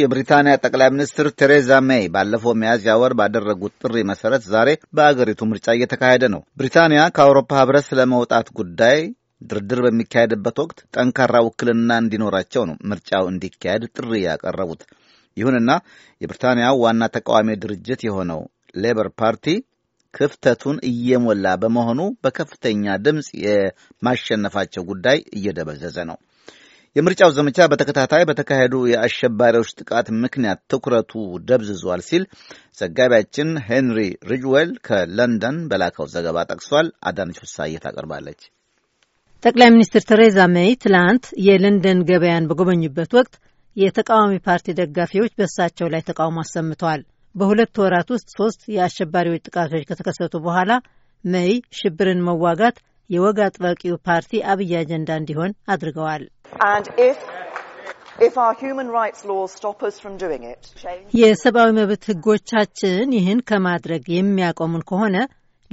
የብሪታንያ ጠቅላይ ሚኒስትር ቴሬዛ ሜይ ባለፈው ሚያዝያ ወር ባደረጉት ጥሪ መሰረት ዛሬ በአገሪቱ ምርጫ እየተካሄደ ነው። ብሪታንያ ከአውሮፓ ህብረት ስለመውጣት ጉዳይ ድርድር በሚካሄድበት ወቅት ጠንካራ ውክልና እንዲኖራቸው ነው ምርጫው እንዲካሄድ ጥሪ ያቀረቡት። ይሁንና የብሪታንያ ዋና ተቃዋሚ ድርጅት የሆነው ሌበር ፓርቲ ክፍተቱን እየሞላ በመሆኑ በከፍተኛ ድምፅ የማሸነፋቸው ጉዳይ እየደበዘዘ ነው። የምርጫው ዘመቻ በተከታታይ በተካሄዱ የአሸባሪዎች ጥቃት ምክንያት ትኩረቱ ደብዝዟል ሲል ዘጋቢያችን ሄንሪ ሪጅዌል ከለንደን በላከው ዘገባ ጠቅሷል። አዳነች ፍሳዬ ታቀርባለች። ጠቅላይ ሚኒስትር ቴሬዛ ሜይ ትላንት የለንደን ገበያን በጎበኙበት ወቅት የተቃዋሚ ፓርቲ ደጋፊዎች በእሳቸው ላይ ተቃውሞ አሰምተዋል። በሁለት ወራት ውስጥ ሶስት የአሸባሪዎች ጥቃቶች ከተከሰቱ በኋላ መይ ሽብርን መዋጋት የወግ አጥባቂው ፓርቲ አብይ አጀንዳ እንዲሆን አድርገዋል። የሰብአዊ መብት ህጎቻችን ይህን ከማድረግ የሚያቆሙን ከሆነ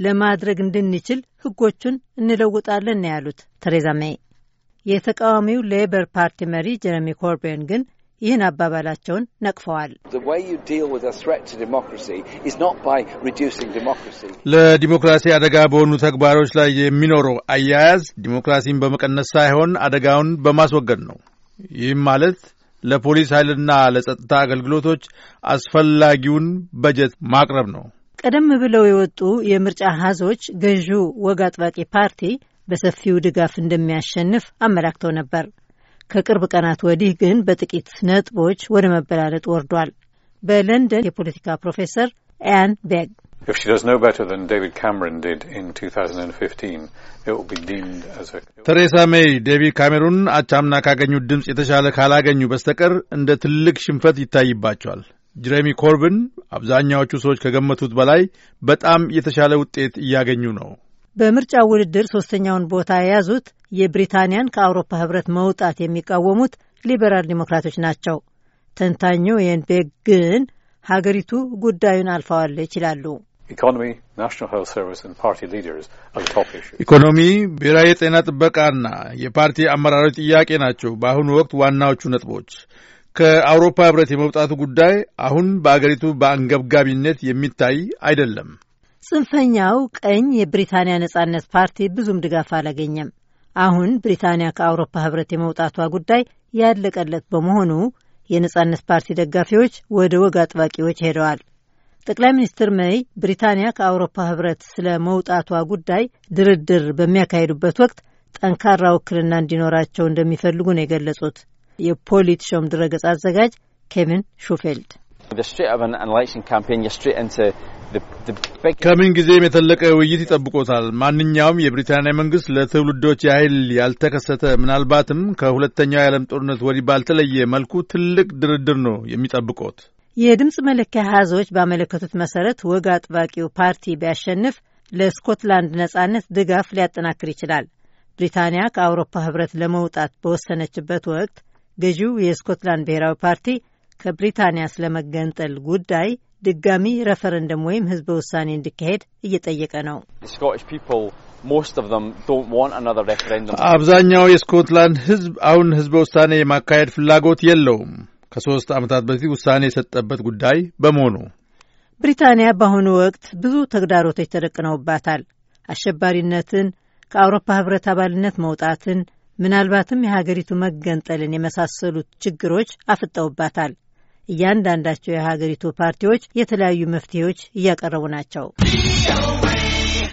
ለማድረግ እንድንችል ህጎቹን እንለውጣለን ያሉት ተሬዛ ሜይ። የተቃዋሚው ሌበር ፓርቲ መሪ ጀረሚ ኮርቤን ግን ይህን አባባላቸውን ነቅፈዋል። ለዲሞክራሲ አደጋ በሆኑ ተግባሮች ላይ የሚኖረው አያያዝ ዲሞክራሲን በመቀነስ ሳይሆን አደጋውን በማስወገድ ነው። ይህም ማለት ለፖሊስ ኃይልና ለጸጥታ አገልግሎቶች አስፈላጊውን በጀት ማቅረብ ነው። ቀደም ብለው የወጡ የምርጫ ሀዞች ገዢው ወግ አጥባቂ ፓርቲ በሰፊው ድጋፍ እንደሚያሸንፍ አመላክተው ነበር። ከቅርብ ቀናት ወዲህ ግን በጥቂት ነጥቦች ወደ መበላለጥ ወርዷል። በለንደን የፖለቲካ ፕሮፌሰር ኤያን ቤግ ቴሬሳ ሜይ ዴቪድ ካሜሩን አቻምና ካገኙት ድምፅ የተሻለ ካላገኙ በስተቀር እንደ ትልቅ ሽንፈት ይታይባቸዋል። ጀሬሚ ኮርብን አብዛኛዎቹ ሰዎች ከገመቱት በላይ በጣም የተሻለ ውጤት እያገኙ ነው። በምርጫ ውድድር ሶስተኛውን ቦታ የያዙት የብሪታንያን ከአውሮፓ ህብረት መውጣት የሚቃወሙት ሊበራል ዲሞክራቶች ናቸው። ተንታኙ የንቤግ ግን ሀገሪቱ ጉዳዩን አልፈዋለች ይላሉ። ኢኮኖሚ፣ ብሔራዊ የጤና ጥበቃና የፓርቲ አመራሮች ጥያቄ ናቸው በአሁኑ ወቅት ዋናዎቹ ነጥቦች። ከአውሮፓ ህብረት የመውጣቱ ጉዳይ አሁን በአገሪቱ በአንገብጋቢነት የሚታይ አይደለም። ጽንፈኛው ቀኝ የብሪታንያ ነጻነት ፓርቲ ብዙም ድጋፍ አላገኘም። አሁን ብሪታንያ ከአውሮፓ ህብረት የመውጣቷ ጉዳይ ያለቀለት በመሆኑ የነጻነት ፓርቲ ደጋፊዎች ወደ ወግ አጥባቂዎች ሄደዋል። ጠቅላይ ሚኒስትር መይ ብሪታንያ ከአውሮፓ ህብረት ስለ መውጣቷ ጉዳይ ድርድር በሚያካሂዱበት ወቅት ጠንካራ ውክልና እንዲኖራቸው እንደሚፈልጉ ነው የገለጹት። የፖሊት ሾም ድረገጽ አዘጋጅ ኬቪን ሹፌልድ ከምን ጊዜም የተለቀ ውይይት ይጠብቆታል። ማንኛውም የብሪታንያ መንግስት ለትውልዶች ያህል ያልተከሰተ ምናልባትም ከሁለተኛው የዓለም ጦርነት ወዲህ ባልተለየ መልኩ ትልቅ ድርድር ነው የሚጠብቆት። የድምፅ መለኪያ ሀዞች ባመለከቱት መሰረት ወግ አጥባቂው ፓርቲ ቢያሸንፍ ለስኮትላንድ ነጻነት ድጋፍ ሊያጠናክር ይችላል። ብሪታንያ ከአውሮፓ ህብረት ለመውጣት በወሰነችበት ወቅት ገዢው የስኮትላንድ ብሔራዊ ፓርቲ ከብሪታንያ ስለመገንጠል ጉዳይ ድጋሚ ረፈረንደም ወይም ህዝበ ውሳኔ እንዲካሄድ እየጠየቀ ነው። አብዛኛው የስኮትላንድ ህዝብ አሁን ህዝበ ውሳኔ የማካሄድ ፍላጎት የለውም፣ ከሶስት ዓመታት በፊት ውሳኔ የሰጠበት ጉዳይ በመሆኑ። ብሪታንያ በአሁኑ ወቅት ብዙ ተግዳሮቶች ተደቅነውባታል። አሸባሪነትን፣ ከአውሮፓ ህብረት አባልነት መውጣትን፣ ምናልባትም የሀገሪቱ መገንጠልን የመሳሰሉት ችግሮች አፍጠውባታል። እያንዳንዳቸው የሀገሪቱ ፓርቲዎች የተለያዩ መፍትሄዎች እያቀረቡ ናቸው።